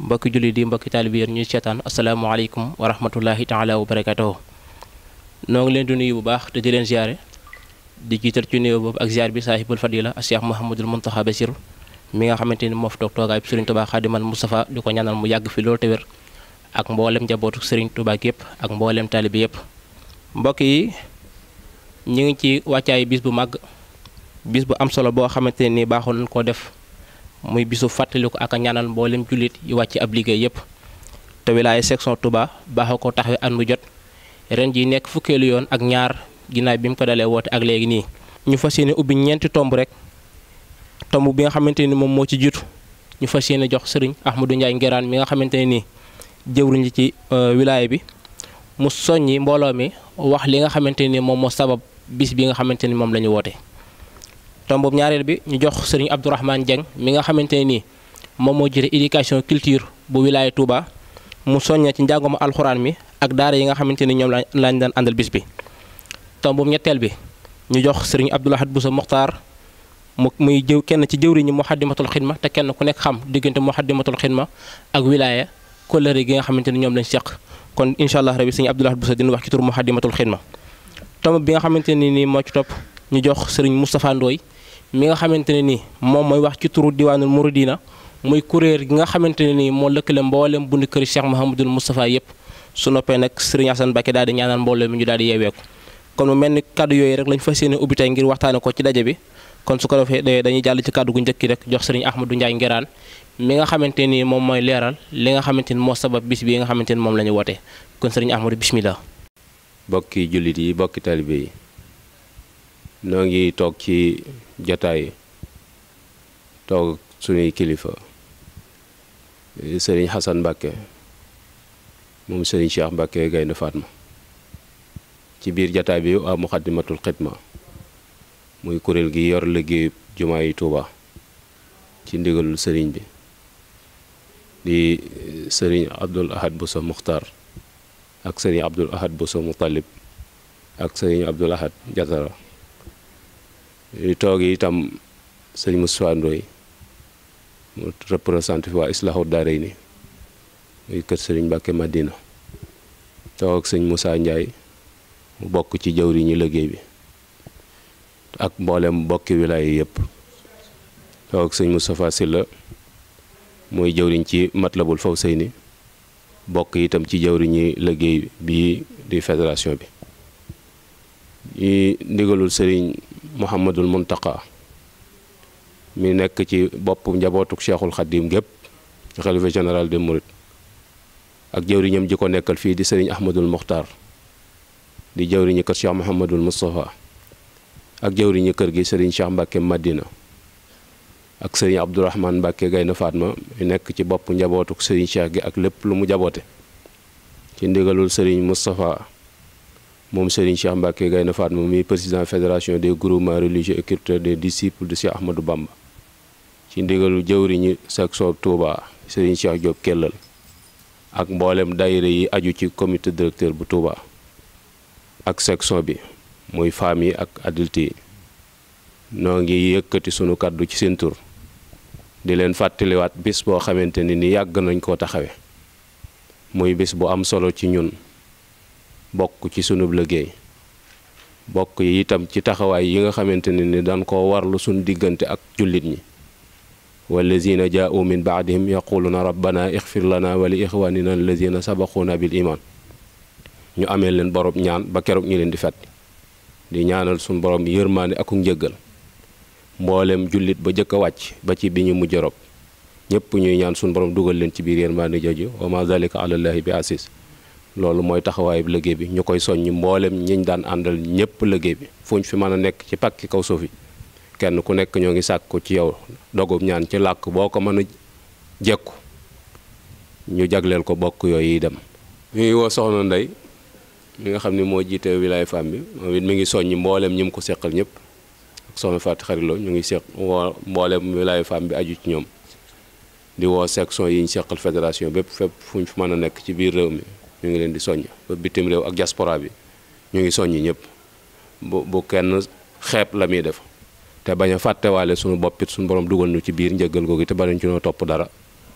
mbokk julli di mbokki taalibi yéen ñuy assalamu warahmatullahi wa rahmatullahi taala wa barakatuh noo ngi leen di nuyu bu baax te di leen ziaré di ci nuyu ak ziar bi sahibul fadila ak cheikh mohammedul muntaha basir mi nga xamanteni ni moo fi toog toogaay bi mustafa diko ñaanal mu yàgg fi lo te wer ak mbollem jabotu serigne touba gep ak mbollem talib yépp mbokk yi ñi ngi ci waccay bis bu mag bis bu am solo bo xamanteni ni ko def muy bisu fàttaliku ak a ñaanal mboolem jullit yi wàcc ab liggéey yépp te wilaaye section Touba baaxa ko taxawe at mu jot ren ji nek fukel yon ak ñaar ginnaaw bim mu ko dalee woote ak léegi nii ñu fas yéene ubbi ñeenti tomb rek tomb bi nga xamante ni moom moo ci jiitu ñu fas yéene jox sëriñ Ahmadou Ndiaye Nguérane mi nga xamante ne nii ci euh, bi mu soññi mbooloo mi wax li nga sabab bis bi nga xamante ni moom wote tom ñaareel bi ñu jox sëriñ Abdourahmane Dieng mi nga xamante ne nii moom moo jëre éducation culture bu wilaya Touba mu soññee ci njànguma alxuraan mi ak daara yi xamante ni ñoom la lañ daan àndal bis bi tom boobu ñetteel bi ñu jox sëriñ Abdoulahad Bousso Mokhtar mu muy jëw kenn ci jëwriñu Muxaddamatul Xidma te kenn ku nekk xam diggante Muxaddamatul Xidma ak wilaya kóllëre gi nga xamante ni ñoom lañu seq kon incha allah rabi sëriñ Abdoulahad Bousso dina wax ci tur Muxaddamatul Xidma tom bi nga xamante ni nii moo ci topp ñu jox sëriñ Moustapha Ndoye mi nga xamante ne nii moom mooy wax ci turu diwaanul diina muy kuréel gi nga xamante ne nii moo lëkkale mboolem bundi kër Cheikh Mouhamadul Moustapha yëpp su noppee nag Serigne Assane Mbacké daal di ñaanal mbooloo mi ñu daal di yeeweeku kon ni kàddu yooyu rek lañ fas yéene ubbi tey ngir ko ci daje bi kon su ko defee dañuy jàll ci kàddu gu njëkk rek jox Serigne Ahmadou Ndiaye Ngiraan mi nga xamante ni moom leeral li nga xamante ni moo sabab bis bi nga xamante ni moom la ñu woote kon Serigne Ahmadou bismillah bokki jullit yi bokki talibe yi noo ngi toog ci jotaay toog suñuy kilifa sëriñ Xasan Mbàkke moom sëriñ Cheikh Mbàkke Gaynde Fatma ci biir jataay bi waa Muxaddamatul Xidma muy kuréel gi yor liggéeyu jumaa yi Tuuba ci ndigalul sëriñ bi di sëriñ Abdul Ahad Bousso Muxtar ak sëriñ Abdul Ahad Bousso Mutalib ak sëriñ Abdul Ahad Jatara di toog itam sëñ Moustapha Ndoye mu représenté fi waa Islaahu Daarayni muy kër sëriñ Mbàkke Madina toog ak sëñ Moussa Ndiaye mu bokk ci jawri ñu liggéey bi ak mboolem bokki wilaay yëpp toog ak sëñ Moustapha Sylla mooy jawriñ ci Matlabul Fawzayni bokk itam ci jawriñi liggéey bii di fédération bi ñi ndigalul sëriñ Mouhamadul Muntaqa mi nekk ci bopp njabootuk Cheikhul Khadim gépp xalifa général de Mouride ak jëwriñam ji ko nekkal fii di sëriñ Ahmadul Muxtar di jëwriñu kër Cheikh Mouhamadul Moustapha ak jëwriñu kër gi sëriñ Cheikh Mbacke Madina ak sëriñ Abdourahman Mbacke Gaynde Fatma mi nekk ci bopp njabootuk sëriñ Cheikh gi ak lépp lu mu jaboote ci ndigalul sëriñ Moustapha moom Serigne Cheikh Mbacke Gaïndé Fatma mi président fédération des groupements religieux et culturels des disciples de Cheikh Ahmadou Bamba ci ndigalu jëwriñu sak soob Touba Serigne Cheikh Diop ak mboolem dayre yi aju ci comité directeur bu Touba ak section bi muy femmes yi ak adulte yi noo ngi yëkkati sunu kàddu ci seen tur di leen fàttaliwaat bis boo xamante ni ni yàgg nañ koo taxawe muy bis bu am solo ci ñun bokk ci sunub liggéey bokk yi itam ci taxawaay yi nga xamante ne ni daan koo warlu suñ diggante ak jullit ñi wallazina jaa'u min baadihim na rabbana ixfir lana wa li la allazina sabaquuna bil iman ñu amee leen borom ñaan ba keroog ñu leen di fet di ñaanal suñ borom yërmaane aku njëggal mboolem jullit ba jëkk a wàcc ba ci bi ñu mujj rob ñépp ñuy ñaan sunu borom dugal leen ci biir yërmaane jooju wa ma zalika ala bi asis loolu mooy taxawaayu liggéey bi ñu koy soññ mbooleem ñi ñu daan àndal ñëpp liggéey bi fuñ fi mën a nekk ci pàkki kaw suuf kenn ku nekk ñoo ngi sàkku ci yow dogub ñaan ci làkk boo ko mën a jekku ñu jagleel ko bokk yooyu dem. ñu woo Soxna Ndey mi nga xam ne moo jiite wilaayu femme bi moom it mi ngi soññ mboolem ñi mu ko seqal ñëpp ak Soxna Fatou Xarilo ñu ngi seq woo mboolem wilaayu femme bi aju ci ñoom di woo section yi ñu seqal fédération bépp fépp fuñ fi mën a nekk ci biir réew mi. ñu ngi leen di soññ ba bitim réew ak diaspora bi ñu ngi soññ ñëpp bu bu kenn xeeb la muy def te bañ a fàttewaale sunu boppit suñu borom dugal ñu ci biir njëggal googu te banañ ci noo topp dara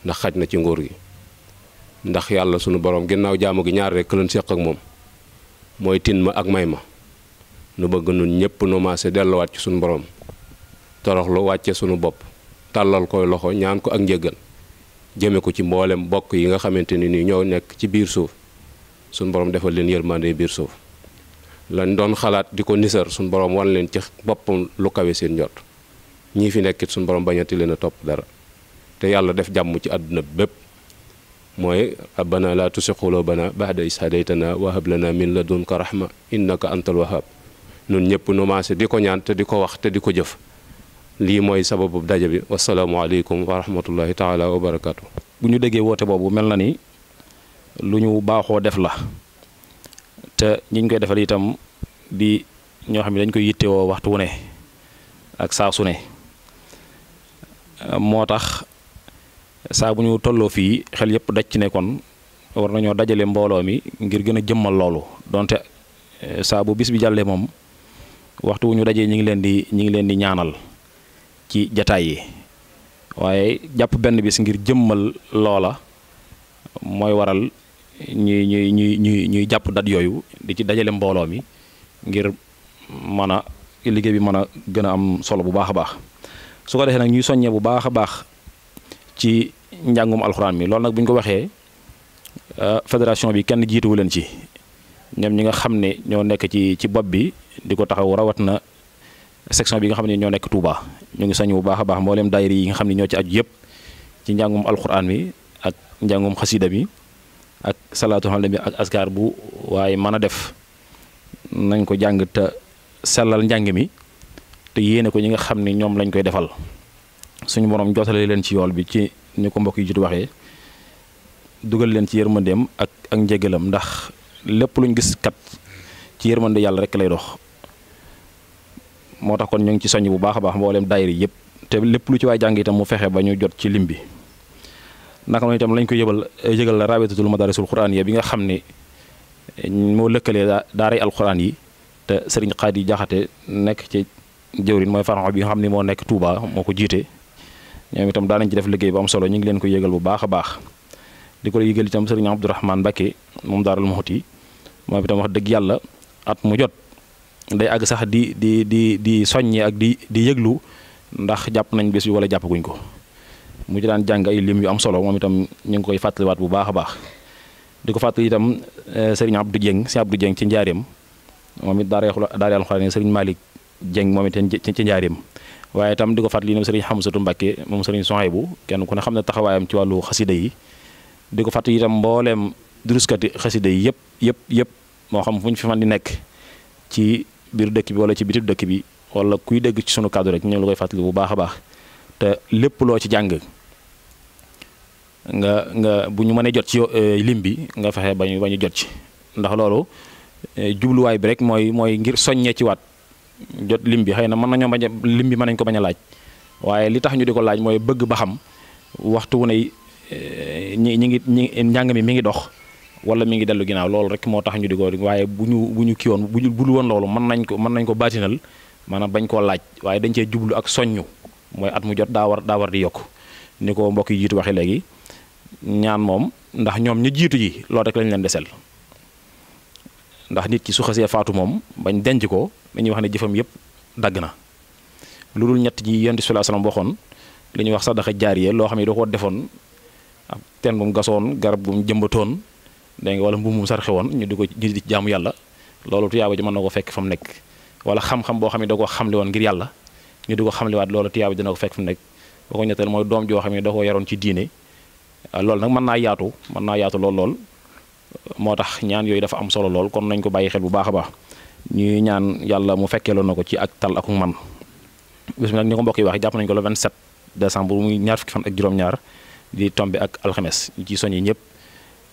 ndax xaj na ci nguur gi ndax yàlla sunu borom ginnaaw jaamu gi ñaar rekk lañ seq ak moom mooy tin ma ak may ma nu bëgg nun ñëpp nu maase delluwaat ci suñu borom toroxlu wàcce sunu bopp tàllal koy loxo ñaan ko ak njëggal jëme ko ci mboolem bokk yi nga xamante ni nii ñoo nekk ci biir suuf suñ borom defal leen yërmande biir suuf lañ doon xalaat di ko nisar suñ borom wan leen ci boppam lu kawe seen njot ñii fi nekkit suñ borom bañati leen a topp dara te yàlla def jàmm ci àdduna bépp mooy rabbana la tusi qulubana ba'da is hadaytana wa hab lana min ladunka rahma ko antal wahhab nun ñëpp nu maase di ko ñaan te di ko wax te di ko jëf lii mooy sababu daje bi wasalaamualeykum wa rahmatullahi taala wa barakaatu. bu ñu déggee woote boobu mel na ni. lu ñu baaxoo def la te ñiñ koy defal itam bi ñoo xam ne dañ koy yittewoo waxtu wu ne ak saasu ne moo tax saa ñu tolloo fii xel yëpp daj ci ne kon war nañoo dajale mbooloo mi ngir gën a jëmmal loolu donte eh, saa bis bi jàllee moom waxtu wu ñu dajee ñi ngi leen di ñi ngi leen di ñaanal ci jataay yi waaye jàpp benn bis ngir jëmmal loola mooy waral ñuy ñuy ñuy ñuy ñuy jàpp dat yooyu di ci dajale mbooloo mi ngir mën a liggéey bi mën a gën a am solo bu baax a baax su ko defee nag ñuy soññee bu baax a baax ci njàngum alxuraan mi loolu nag bu ko waxee euh, fédération bi kenn jiituwu leen ci ñoom ñi nga xam ne ñoo nekk ci ci bopp bi di ko taxaw rawat na section bi nga xam ne ñoo nekk Touba ñu ngi soññ bu baax a baax mbooleem daayira yi nga xam ne ñoo ci aju yëpp ci njàngum alxuraan mi ak njàngum xasida mi ak salaatu xale bi ak askar bu waaye mën a def nañ ko jàng te sellal njàng mi te yéene ko ñi nga xam ni ñoom lañ koy defal suñu borom jotale leen ci yool bi ci ñu ko mbokk yi jiitu waxee dugal leen ci yërmandeem ak ak njégalam ndax lépp luñ gis kat ci yërmande yàlla rekk lay dox moo tax kon ñu ci soñ bu baax a baax mboolem daayira yëpp te lépp lu ci waay jàng itam mu fexe ba ñu jot ci lim bi. naka noonu itam lañ ko yëbal yëgal raabitatul madaarisul quraaniya bi nga xam ne moo lëkkalee daaray alquran yi te sëriñ Xaadi Jaxate nekk ci jëwrin mooy faran bi nga xam ne moo nekk Touba moo ko jiite ñoom itam daanañ ci def liggéey bu am solo ñu ngi leen ko yëgal bu baax a baax di ko yëgal itam sëriñ Abdourahmane Mbacké moom lu daaral Muxti moom itam wax dëgg yàlla at mu jot day àgg sax di di di di soññe ak di di yëglu ndax jàpp nañ bés bi wala jàppaguñ ko mu ci daan jàng ay lim yu am solo moom itam ñu ngi koy fàttaliwaat bu baax a baax di ko fàttali itam eh, sëriñ Abdou Dieng si Abdou Dieng ci njaareem moom it daara daara alxuraan sëriñ Malick Dieng moom it ci njaareem waaye itam di ko fàttali ne sëriñ Xamsatu Mbàkke moom sëriñ Sohaybu kenn ku ne xam ne taxawaayam ci wàllu xasida yi di ko fàttali itam mbooleem duruskati xasida yi yëpp yëpp yëpp moo xam fu ñu fi di nekk ci biir dëkk bi wala ci bitib dëkk bi wala kuy dégg ci sunu kàddu rek ñu ngi koy fàttali bu baax a baax te lépp loo ci jàng nga nga bu ñu mënee jot ci euh, lim bi nga fexe ba ñu ba ñu jot ci ndax loolu euh, jubluwaay bi rek mooy mooy ngir soññee ci waat jot lim bi xëy na mën nañu bañ a lim bi mën nañu ko bañ a laaj waaye li tax ñu di ko laaj mooy bëgg ba xam waxtu wu ne euh, ñi ñi ngi ñi njàng mi mi ngi dox wala mi ngi dellu ginnaaw loolu rek moo tax ñu di ko waaye bu ñu bu ñu kii bu ñu bul woon loolu mën nañ ko mën nañ ko baatinal maanaam bañ koo laaj waaye dañ cee jublu ak soññu mooy at mu jot daa war daa war di yokk ni ko mbokk yi jiitu waxee léegi. ñaan moom ndax ñoom ñu jiitu yi loolu rek lañ leen desel ndax nit ki su xasee faatu moom bañ denc ko dañuy wax ne jëfam yëpp dagg na lu dul ñett ji yonent bi sallallahu alayhi wasallam waxoon li ñuy wax sadaxa jaariye loo xam ne da koo defoon ab teen bu mu gasoon garab bu mu jëmbatoon dégg nga wala mbum mu sarxe woon ñu di ko ñu di jaamu yàlla loolu tuyaaba ji mën na ko fekk fa mu nekk wala xam-xam boo xam ne da ko xamli woon ngir yàlla ñu di ko xamliwaat loolu tuyaaba dina ko fekk fa mu nekk boo ko ñetteel mooy doom joo xam ne da ko yaroon ci diine Euh, loolu nag mën naa yaatu mën naa yaatu lool lool moo tax ñaan yooyu dafa am solo lool kon nañ ko bàyyi xel bu baax a baax ñuy ñaan yàlla mu fekkeeloon na ko ci ak tal ak man bis mi nag ni mbokk yi waxee jàpp nañu ko le 27 décembre muy ñaar fukki fan ak juróom-ñaar di tombe ak alxames ñu ci soñi ñëpp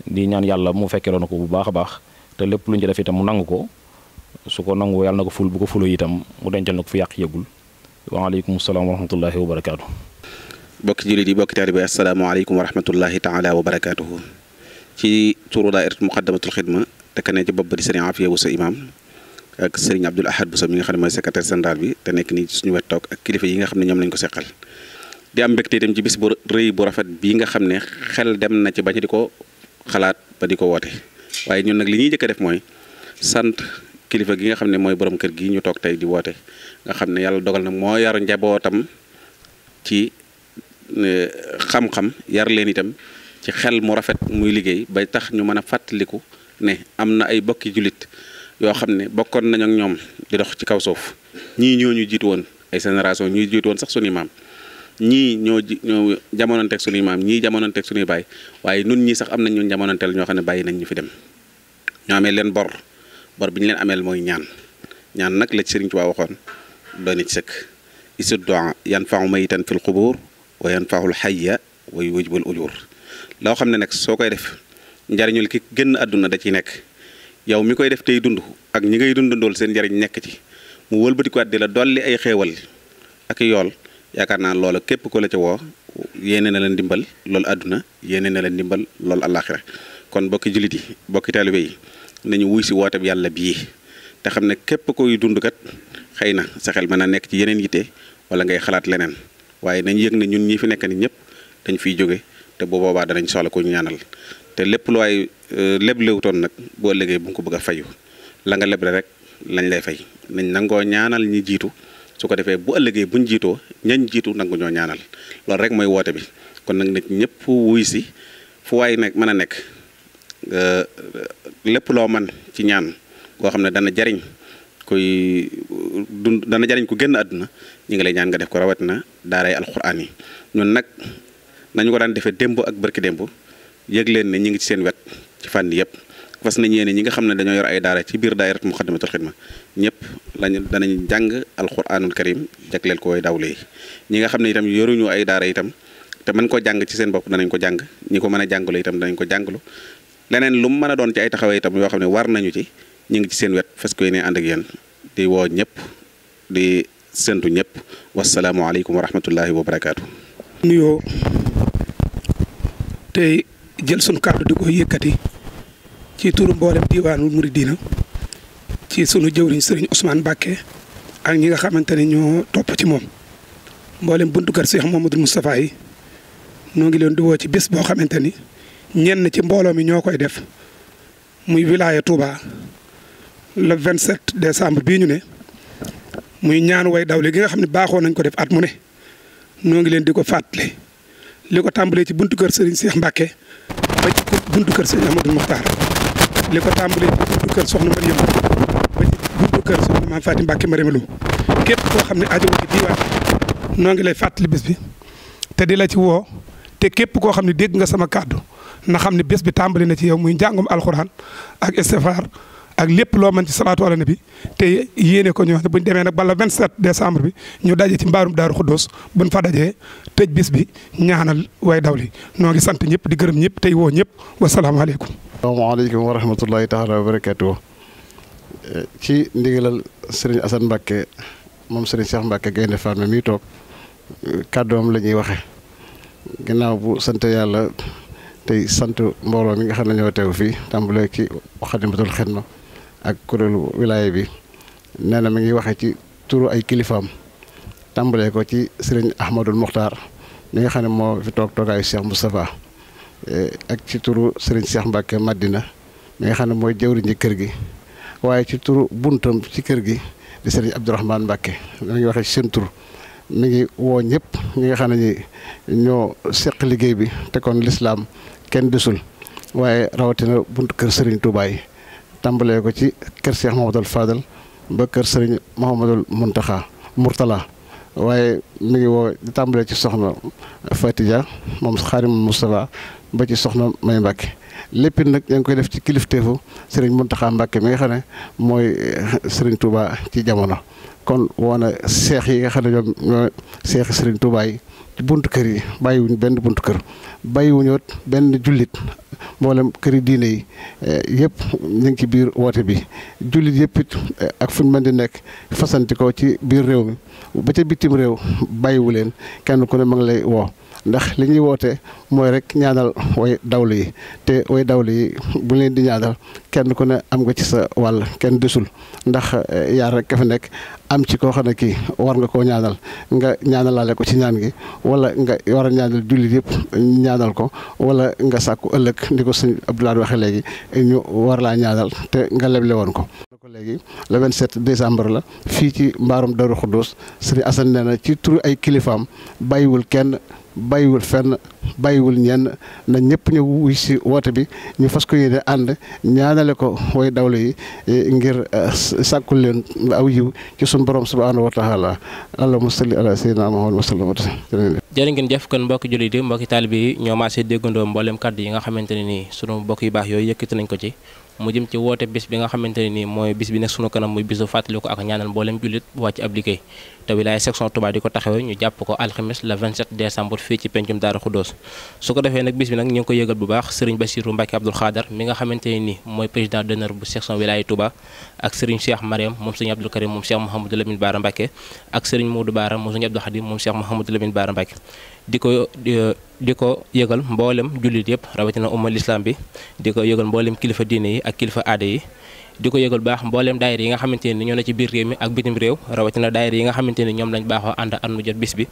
di ñaan yàlla mu fekkeeloon na ko bu baax a baax te lépp lu ñu ci def itam mu nangu ko su ko nangu yàlla na ko ful bu ko fuloo itam mu dencal na ko fi yàq yëgul waaleykum salaam wa rahmatullahi wa barakaatu. bokki julit yi bokki assalamu alaykum wa rahmatullahi taala wa barakatuh ci turu daayiratu muqaddamatul khidma, te kané ci bobu di serigne Afiya wu sa imam ak eh, serigne Abdul Ahad bu sa mi nga xamné moy secrétaire central bi te nekk nii suñu wet ak eh, kilifa yi nga xamné ñom lañ ko sékkal di am bekté dem ci bis bu reuy bu rafet bi nga xamné xel dem na ci bañ di ko xalaat ba di ko waye ñun nak li ñi jëk def moy sante kilifa gi nga xamné moy borom kër gi ñu tok tay di woté nga xamné yalla dogal na mo yar njabotam ci xam-xam yar leen itam ci xel mu rafet muy liggéey bay tax ñu mën a fàttaliku ne am na ay bokki jullit yoo xam ne bokkoon nañ ak ñoom di dox ci kaw suuf ñii ñoo ñu jiitu woon ay génération ñuy jiitu woon sax suñuy maam ñii ñoo ji ñoo jamononteeg suñuy maam ñii jamononteeg suñuy baay waaye nun ñii sax am nañ ñun jamonoonteel ñoo xam ne bàyyi nañ ñu fi dem ñoo amee leen bor bor bi ñu leen ameel mooy ñaan ñaan nag la ci Sëriñ waxoon doon ci sëkk isu doa yan fanu itan fil xubuur wa yanfaxul xayya wa yuwajibul ujur loo xam ne nag soo koy def njariñul ki génn àdduna da ciy nekk yow mi koy def tey dund ak ñi ngay dundandool seen njariñ nekk ci mu wëlbatikuwaat di la dolli ay xéewal ak yool yaakaar naa loola képp ko la ca woo yéene a leen dimbal loolu àdduna yeneen na leen dimbal loolu àllaaxira kon bokki jullit yi bokki taalibe yi nañu wuy si woote yàlla bii te xam ne képp koy dund kat xëy na sa xel mën a nekk ci yeneen yitte wala ngay xalaat leneen waaye nañ yëg ne ñun ñii fi nekk ni ñëpp dañ fiy jóge te bu boobaa danañ soxla ko ñu ñaanal te lépp lu waay euh, leb léewutoon nag boo liggéey bu ko bëgg a fayu la nga rek lañ lay fay nañ nangoo ñaanal ñi jiitu su ko defee bu ëllëgee buñ jiitoo ñañ jiitu nangu ñoo ñaanal loolu rek mooy woote bi kon nag nit ñëpp wuy si fu waay nekk mën a nekk euh, lépp loo man ci ñaan koo xam ne dana jariñ koy euh, dana jariñ ku génn àdduna ñu ngi lay ñaan def ko rawatina daaray alxuraan yi ñun nag nañu ko daan defee démb ak barki démb yëg leen ne ñu ngi ci seen wet fànn yëpp fas nañ yéene ñi nga xam ne dañoo yor ay daara ci biir daayirat Muxaddamatul Xidma ñëpp lañu danañ jàng alxuraanul karim jagleel ko way dawle yi ñi nga xam ne itam yoruñu ay daara itam te mën koo jàng ci seen bopp danañ ko jàng ñi ko mën a jàngalu itam danañ ko jàngalu leneen lu mu mën a doon ci ay taxawee itam yoo xam ne war nañu ci ñu ngi ci seen wet fas ko yéene ànd ak yéen di woo ñëpp di séntu ñëpp alaykum wa rahmatullahi wa barakatuh nuyo tay jël sun kàddu di ci turu mboolem diwanul muridina ci sunu jëwriñ serigne Ousmane Bakke ak ñi nga xamante ne ñoo topp ci mom mboolem buntu kër Cheikh Mouhamadou mustapha yi no ngi leen di woo ci bés bo xamanteni ñenn ci mbolo mi ñoo koy def muy wilaya Touba le 27 décembre bi ñu né muy ñaanu way dawle gi nga xam ne baaxoo nañ ko def at mu ne noo ngi leen di ko fàttali li ko tàmbalee ci buntu kër Serigne Cheikh Mbacke buntu kër Serigne Amadou Mokhtar li ko tàmbalee ci buntu kër Soxna Mariam ba ci buntu kër Soxna Maam Fatim Mbacke Mariam Lo képp koo xam ne aajo ci diwaan noo ngi lay fàttali bés bi te di la ci woo te képp koo xam ne dégg nga sama kàddu na xam ne bés bi tàmbali na ci yow muy njàngum alxuraan ak istifaar ak lépp loo mën ci salaatu ala bi te yéene ko ñoo bu ñu demee nag bala vingt 27 décembre bi ñu daje ci mbaarum daaru xuddoos buñ fa dajee tëj bis bi ñaanal way daw li noo ngi sant ñëpp di gërëm ñëpp tey woo ñëpp wasalaamaaleykum asalaamaaleykum wa rahmatullahi taala wa barakatuh ci ndigalal sëriñ Assane Mbacke moom sëriñ Cheikh Mbacke Gaynde Fatma mi toog kàddoom la ñuy waxe ginnaaw bu sant yàlla tey sant mbooloo mi nga xam ne ñoo teew fii tàmbalee ci Xadimatul Xidma ak kuréelu wilaaya bi nee na mi ngi waxee ci turu ay kilifaam tàmbalee ko ci sëriñ Ahmadul Muxtaar mi nga xam ne moo fi toog toogaayu Cheikh Moustapha eh, ak ci turu sëriñ Cheikh Mbacke màddina mi nga xam ne mooy jëwriñ ji kër gi waaye ci turu buntam ci kër gi di sëriñ Abdourahmane Mbacke mi ngi waxee ci seen tur mi ngi woo ñëpp ñi nga xam ne ñi ñoo seq liggéey bi te kon lislaam kenn desul waaye rawatina bunt kër sëriñ Touba tàmbalee ko ci kër Cheikh Mouhamadul Fadal ba kër Serigne Mouhamadul Mountakha Mourtala waaye mi ngi woo tàmbalee ci soxna Fatidia moom Xaadim Moustapha ba ci soxna May Mbàkke lépp nag yaa ngi koy def ci kilifteefu Serigne Mountakha Mbàkke mi nga xam ne mooy Serigne Touba ci jamono kon woona seex yi nga xam ne ñoom ñooy seexi Serigne Touba yi ci buntu kër yi bàyyiwuñ benn buntu kër bàyyiwuñu benn jullit mboolem këri diine yi eh, yëpp ñu ngi ci biir woote bi jullit yëpp eh, ak fu mën di nekk fasanti ko ci biir réew mi ba ca bitim réew bàyyiwu leen kenn ku ne ma ngi lay woo. ndax li ñuy woote mooy rek ñaanal way dawlu yi te way dawlu yi bu leen di ñaanal kenn ku ne am nga ci sa wàll kenn desul ndax eh, yar rek ka nekk am ci koo xam ne kii war nga koo ñaanal nga ñaanalaale ko ci ñaan gi wala nga war a ñaanal jullit yëpp ñaanal ko wala nga sàkku ëllëg ni ko sëñ Abdoulaye waxee léegi ñu war laa ñaanal te nga leble woon ko. léegi le 27 décembre la fii ci mbaarum Darou Khoudoss sëñ Assane nee na ci turu ay kilifaam bàyyiwul kenn. bàyyiwul fenn bàyyiwul ñenn na ñëpp ñu wuy si woote bi ñu fas ko yéene ànd ñaanale ko way dawle yi eh, ngir eh, sàkkul leen aw yiw ci suñu borom subhaanahu wa taala allahumma salli ala sayyidina muhammad wa sallam jërë ngeen jëf kon mbokki jullit yi mbokki taalibe yi ñoo maasee déggandoo mbooleem kàdd yi nga xamante ne nii sunu mbokk yu baax yooyu yëkkati nañ ko ci mu jëm ci woote bis bi nga xamante ne nii mooy bis bi nekk sunu kanam muy bisu fàttaliku ak ñaanal mboolem jullit wàcc ab liggéey te wilaaya section Touba di ko taxawee ñu jàpp ko alxames le 27 décembre fii ci pencum Daaru Xuddoos su ko defee nag bis bi nag ñu ngi ko yëgal bu baax Serigne Bassirou Mbacke Abdoul Khadar mi nga xamante ne mooy président d'honneur bu section wilaaya Touba ak Serigne Cheikh Mariam moom Serigne Abdoul Karim moom Cheikh Mouhamadou Lamine di ko di ko yëgal mboolem jullit yëpp rawatina umma lislaam bi di ko yëgal mboolem kilifa diine yi ak kilifa aada yi di ko yëgal baax mboolem daayira yi nga xamante ni ñoo ne ci biir réew mi ak bitim réew rawatina daayira nga xamante ni ñoom lañ baaxoo ànd at mu jot bis bi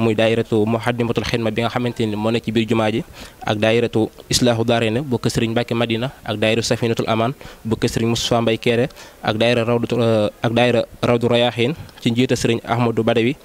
muy daayiratu Muxaddamatul Xidma bi nga xamante ni moo ne ci biir jumaa ji ak daayiratu Islaahu Daarayni bu kër Sëriñ Mbàkke Madina ak daayira Safinatul Amaan bu kër Sëriñ Mustafaa Mbay Keere ak daayira rawdu ak daayira rawdu Rayaaxiin ci njiita Sëriñ Ahmadou Badawi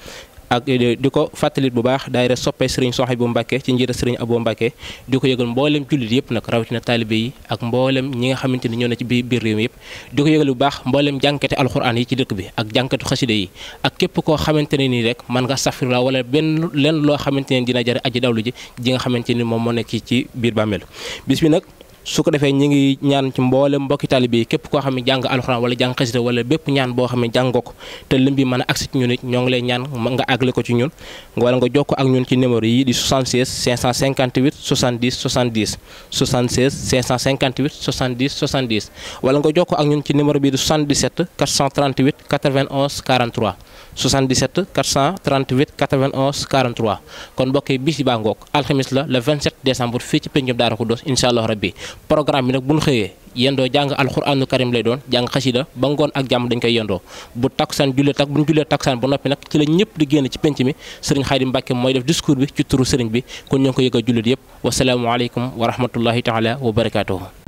ak eh, di ko fàttalit bu baax daayira soppe sëriñ Sohaybu Mbàkke ci njiital sëriñ Abo Mbàkke di ko yëgal mboolem jullit yëpp nag rawatina taalibe yi ak mboolem ñi nga xamante ñoo ne ci biir biir réew mi yëpp di ko yëgal bu baax mboolem jànkate alxuraan yi ci dëkk bi ak jànkatu xasida yi ak képp koo xamante ne nii rek man nga safirla wala benn lenn loo xamante ne dina jare aji dawlu ji ji nga xamante ni moom moo nekk ci biir bàmmeelu bis bi nag su ko defee ñu ngi ñaan ci mboolem mbokki taalibe yi képp koo xam ne jàng alxuraan wala jàng xasida wala bépp ñaan boo xam ne jàng ko te lim bi mën a agsi ci ñun ñoo ngi lay ñaan nga àggale ko ci ñun wala nga jokkoo ak ñun ci numéro yi di 76 558 70 70 76 558 70 70 wala nga jokkoo ak ñun ci numéro bi di 77 438 91 43. 77 438 91 43 kon mbokk yi baa ngoog alxamis la le 27 décembre fii ci péncum Daaru Xudoos incha allah rabbi programme bi nag bu ñu xëyee yendoo jàng alxuraanu karim lay doon jàng xasida ba ngoon ak jàmm dañ koy yendoo bu taksaan bu ñu jullee taksaan ba noppi nag ci la ñëpp di génn ci pénc mi sëriñ Xaadim Mbàkke mooy def discours bi ci turu sëriñ bi kon ñoo ko yëg a jullit yëpp